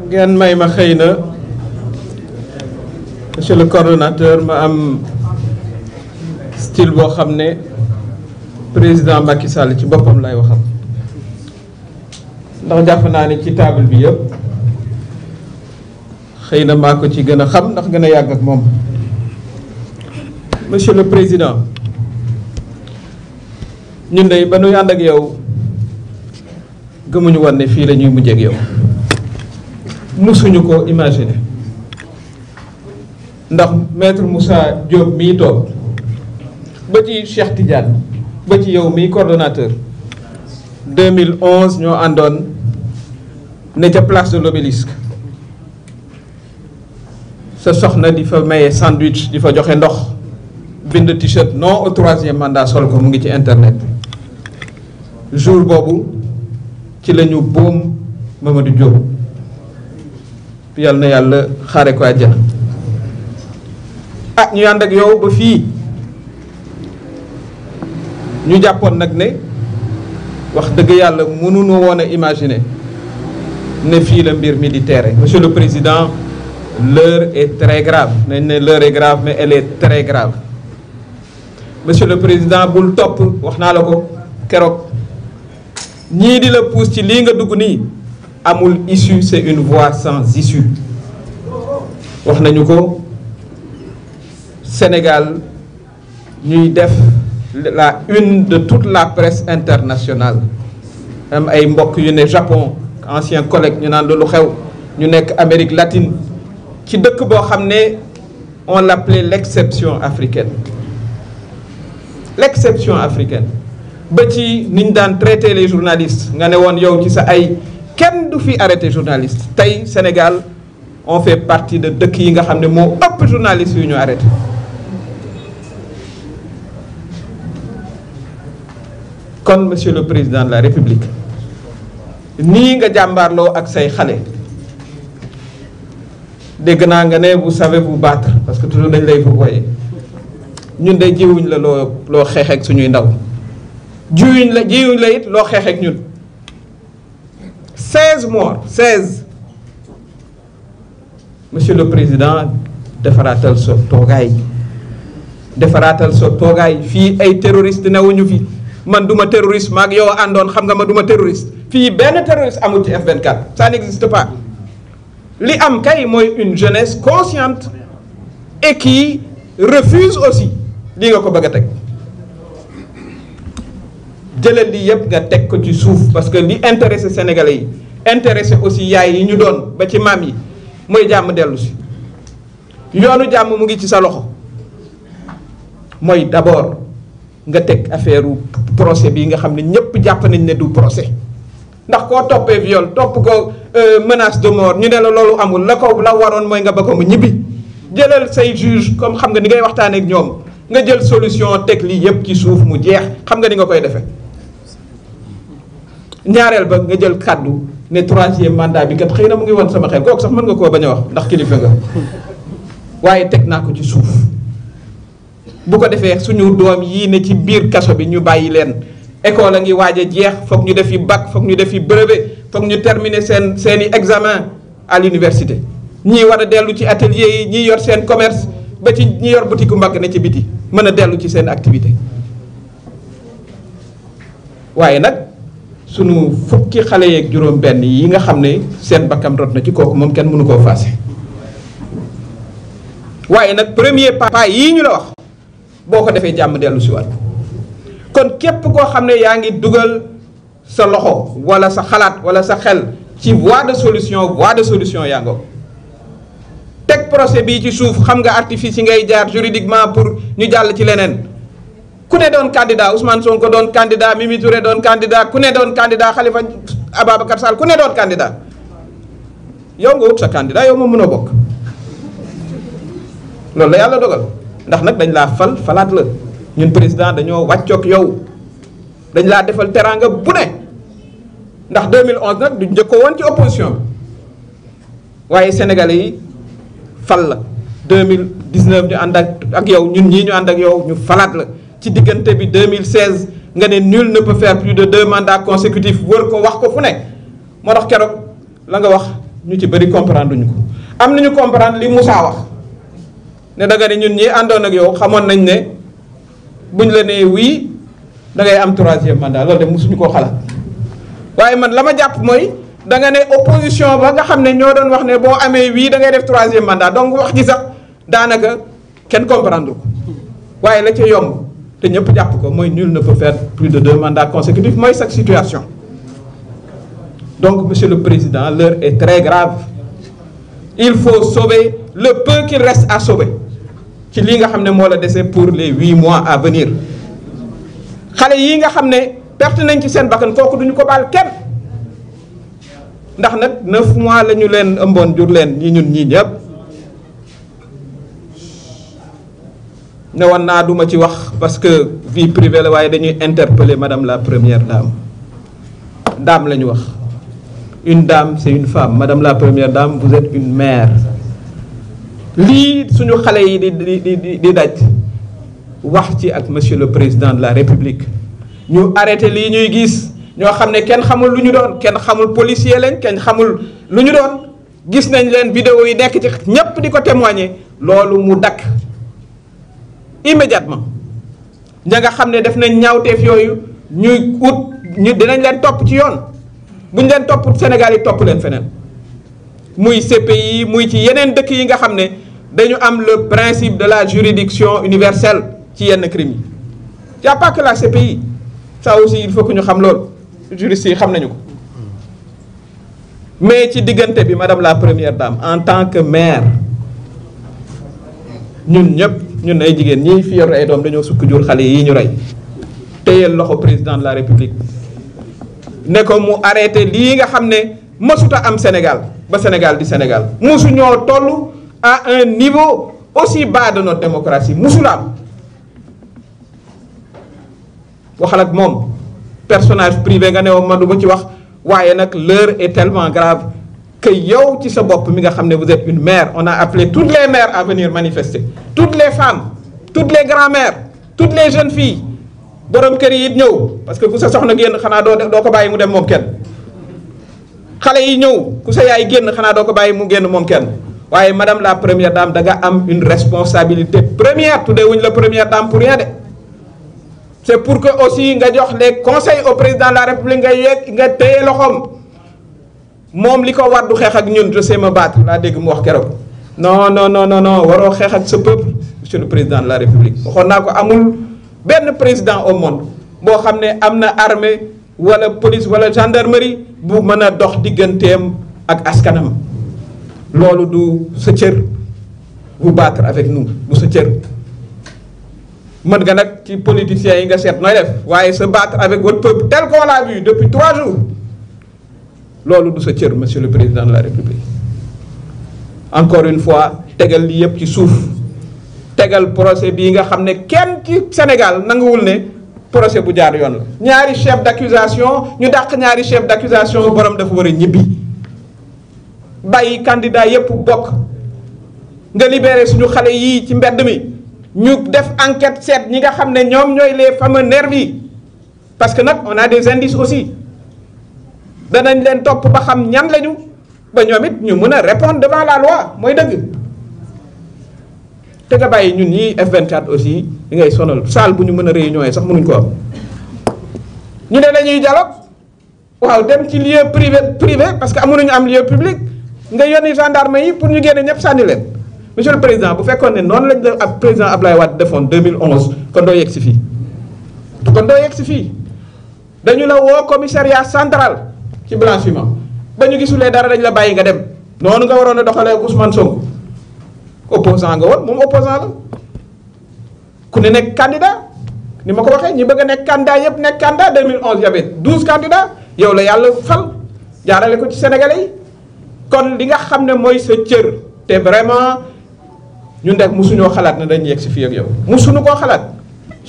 ngeen may ma xëy na monsieur le coordinateur ma am style boo xam ne président Macky Sall ci boppam laay waxal ndax jàpp naa ne ci taabal bi yëpp xëy na maa ko ci gën a xam ndax gën a yàgg ak moom monsieur le président ñun de ba nuy ànd ak yow gëmuñu woon ne fii la ñuy mujjee ak musuñu ko imaginer ndax maître Moussa Diop mii toog ba ci Cheikh Tidiane ba ci yow mii coordonnateur 2011 ñoo àndoon ne ca place de l'obélisque sa soxna di fa maye sandwich di fa joxe ndox bind t-shirt non au troisième mandat sol ko mu ngi ci internet jour boobu ci la ñu boom Mamadou Diop yal na yàlla xaare ko àjjana ah ñu ànd ak yow ba fii ñu jàppoon nag ne wax dëgg yàlla mënuñu woon a imaginer ne fii la mbir militaire monsieur le président l'heure et très grave nañ ne l'heure est grave mais et est très grave monsieur le président bul topp wax naa la ko keroog ñii di la pousse ci lii nga dugg nii amul issue c'est une voie sans issue wax nañu ko Sénégal ñuy def la une de toute la presse internationale am ay mbokk yu ne Japon ancien collègue ñu naan lu xew ñu nekk Amérique latine ci dëkk boo xam ne on l'appelait l'exception africaine l'exception africaine ba ci ñu daan traité les journalistes nga ne woon yow ci sa ay kenn du fi arrêté journaliste tey Sénégal on fait partie de dëkk yi nga xam ne moo ëpp journaliste yu ñu arrêté kon monsieur le président de la république nii nga jàmbaarloo ak say xale dégg naa nga ne bu savez bu battre parce que toujours dañ lay vooyee ñun de jiwuñ la loo loo xeexeek suñuy ndaw jiwuñ la jiwuñ la it loo xeexeek ñun seize morts seize monsieur le président defaraatal sa toogaay defaraatal sa toogaay fii ay terroriste newuñu fi man duma terroriste maak yow àndoon xam nga ma duma terroriste fii benn terroriste amul ci F24 ça n'existe pas li am kay mooy une jeunesse consciente et qui refuse aussi li nga ko bëgg a teg jëlal li yëpp nga teg ko ci suuf parce que li intéressé sénégalais yi intéressé aussi yaay yi ñu doon ba ci maam yi mooy jàmm dellu si yoonu jàmm mu ngi ci sa loxo mooy d'abord nga teg affaire procès bi nga xam ne ñëpp jàpp nañ ne du procès ndax koo toppee viol topp ko euh, menace de mort ñu ne la loolu amul la ko la waroon mooy nga ba ko mu ñibbi jëlal say juge comme xam nga ni ngay waxtaanee ak ñoom nga jël solution teg lii yëpp ci suuf mu jeex xam nga ni nga koy defee ñaareel ba nga jël kàddu. ne troisième mandat bi kat xëy na mu ngi woon sama xel kooku sax mën nga koo bañ a wax ndax kilifa nga waaye teg naa ko ci suuf bu ko defee suñu doom yii ne ci biir kaso bi ñu bàyyi leen école a ngi waaj jeex foog ñu def yi bac foog ñu def yi brevet foog ñu terminer seen seeni examen à l'université ñii war a dellu ci atelier yi ñii yor seen commerce ba ci ñi yor boutique mbagg ne ci biti mën a dellu ci seen activité waaye nag suñu fukki xale yeeg juróom-benn yi nga xam ne seen bakkam rot na ci kooku moom kenn mënu koo faase waaye nag premier pas yii ñu la wax boo ko defee jàmm dellu si waat kon képp koo xam ne yaa ngi dugal sa loxo wala sa xalaat wala sa xel ci voie de solution voie de solution yaa ngoog teg procès bii ci suuf xam nga artifice yi ngay jaar juridiquement pour ñu jàll ci leneen. ku ne doon candidat Ousmane Sonko doon candidat Mimi Touré doon candidat ku ne doon candidat Khalifa Ababacar Sall ku ne doon candidat yow nga wut sa candidat yow moom mën a bokk loolu la yàlla dogal ndax nag dañ laa fal falaat la ñun président dañoo wàccoog yow dañ laa defal teraanga bu ne ndax 2011 nag du njëkkoo woon ci opposition bi waaye sénégalais yi fal la 2019 ñu ànd ak ak yow ñun ñii ñu ànd ak yow ñu falaat la ci diggante bi 2016 nga ne nul ne peut faire plus de deux mandats consécutifs wër ko wax ko fu ne moo tax keroog la nga wax ñu ci bëri comprendre ñu ko am nañu comprendre li Moussa wax ne danga ne ñun ñi àndoon ak yow xamoon nañ ne buñ la nee wii da am troisième mandat loolu de mosuñu koo xalaat waaye man la ma jàpp mooy da nga ne opposition ba nga xam ne ñoo doon wax ne boo amee wii da ngay def troisième mandat donc wax ji sax daanaka kenn comprendre waaye la ca yomb. te ñëpp jàpp ko mooy nul ne peut faire plus de deux mandats consécutifs mooy chaque situation donc monsieur le président l'heure et très grave il faut sauver le peu qu'il reste à sauver ci lii nga xam ne moo la dese pour les huit mois à venir xale yii nga xam ne perte nañ ci seen bakkan kooku duñu ko baal kenn ndax nag neuf mois la ñu leen ëmboon jur leen ñi ñun ñii ñëpp ne woon naa duma ci wax parce que vie privée la waaye dañuy interpeller madame la première dame daam la wax une dame c'est une femme madame la première dame vous êtes une mère lii suñu xale yi di di di di daj wax ci ak monsieur le président de la république ñu arrêté lii ñuy gis ñoo xam ne kenn xamul lu ñu doon kenn xamul policier lañ kenn xamul lu ñu doon gis nañ leen vidéo yi nekk ci ñépp di ko témoigner loolu mu dakk immédiatement ña nga xam ne def nañ ñaawteef yooyu ñuy ut ñu dinañ leen topp ci yoon buñ leen topp Sénégal yi topp leen feneen muy yi muy ci yeneen dëkk yi nga xam ne dañu am le principe de la juridiction universelle ci yenn crimes yi y a pas que la CPI ça aussi il faut ñu xam loolu juristes yi xam nañu ko mais ci diggante bi madame la première dame en tant que maire ñun ñëpp. ñun ay jigéen ñi fi yor ay doom dañoo sukk jur xale yi ñu rey téyel loxo président de la république ne ko mu arrêté lii nga xam ne mësuta am Sénégal ba Sénégal di Sénégal mosu ñoo toll a un niveau aussi bas de démocratie mosul am waxal ak moom personnage privé nga ne woon man du ma ci wax waaye nag l'heure est tellement grave que yow ci sa bopp mi nga xam ne vous êtes une mère on a apple toutes les mères à venir manifester toutes les femmes tout les grand-mères toutes les jeunes filles borom kër yi ñëw parce que ku sa soxna génn xanaa doo doo ko bàyyi mu dem moom kenn xale yi ñëw ku sa yaay génn xanaa doo ko bàyyi mu génn moom kenn waaye madame la première dame da nga am une responsabilité première tuddee wuñ la première dame pour de c'est pour que aussi nga jox les conseils au président de la république nga yegg nga téye moom li ko war du xeex ak ñun je sais me battre laa dégg mu wax keroog no non non non non waroo xeex ak sa peuple monsieur le président de la république waxoon naa ko amul benn président au monde boo xam ne am na armée wala police wala gendarmerie bu mën a dox digganteem ak askanam loolu du sa cër bu battre avec nous du sa cër mën nga nag ci politiciens yi nga seet nooy def waaye sa battre avec votre peuple tel qu'on l'a depuis trois jours loolu du sa cër monsieur le président de la république encore une fois tegal lii yëpp ci suuf tegal procès bii nga xam ne kenn ci Sénégal nanguwul ne procès bu jaar yoon la ñaari chef d'accusation ñu dàq ñaari chef d'accusation borom dafa war a ñibbi bàyyi candidat yëpp bokk nga libéré suñu xale yi ci mbedd mi ñu def enquête seet ñi nga xam ne ñoom ñooy les fameux nervis yi parce que nag on naa des indices aussi danañ leen topp ba xam ñan lañu ba ñoom it ñu mën a répondre devant la loi mooy dëgg te nga bàyyi ñun ñii F24 aussi di ngay sonal salle bu ñu mën a réunion yi sax mënuñ ko am ñu ne dañuy dialogue waaw dem ci lieu privé privé parce que amuñu am lieu public nga yónni gendarme yi pour ñu génne ñëpp sànni leen monsieur le président bu fekkoon ne noonu lañ def ak président Ablaye Wade defoon 2011 kon doo yegg si fii kon doo yegg si fii dañu la woo commissariat central. ci blanchiment ba ñu gisulee dara dañ la bàyyi nga dem noonu nga waroon a doxalee Ousmane Sonko opposant nga woon moom opposant la ku ne nekk candidat ni ma ko waxee ñi bëgg a nekk candidat yëpp nekk candidat 2011 y avait 12 yow la yàlla fal jaarale ko ci Sénégalais yi kon li nga xam ne mooy sa cër te ñu ñun mu suñoo xalaat ne dañ yegg si fii ak yow musuñu koo xalaat.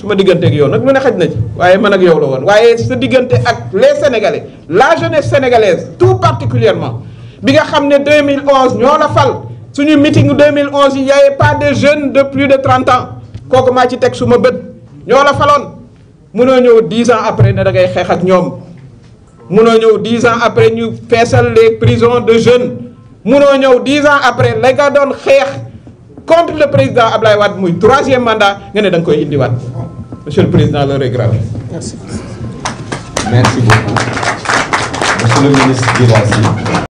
ma diggante ak yoon nag lu ne xaj na ci waaye man ak yow la woon waaye sa diggante ak les sénégalais la jeunesse sénégalaise tout particulièrement bi nga xam ne deux mille 2011 ñoo la fal suñu meeting 2011 yi y avait pas de jeunes de plus de 30 ans kooku maa ci teg su ma bët ñoo la faloon mënoo ñëw dix ans après ne da ngay xeex ak ñoom mënoo ñëw 10 ans après ñu feesal les prisons de jeunes munoo ñëw dix ans après la nga doon xeex contre le président Ablaye Wade muy troisième mandat nga ne da koy indiwaat. Monsieur le Président, l'heure est Merci. beaucoup. Monsieur le ministre Guirassy.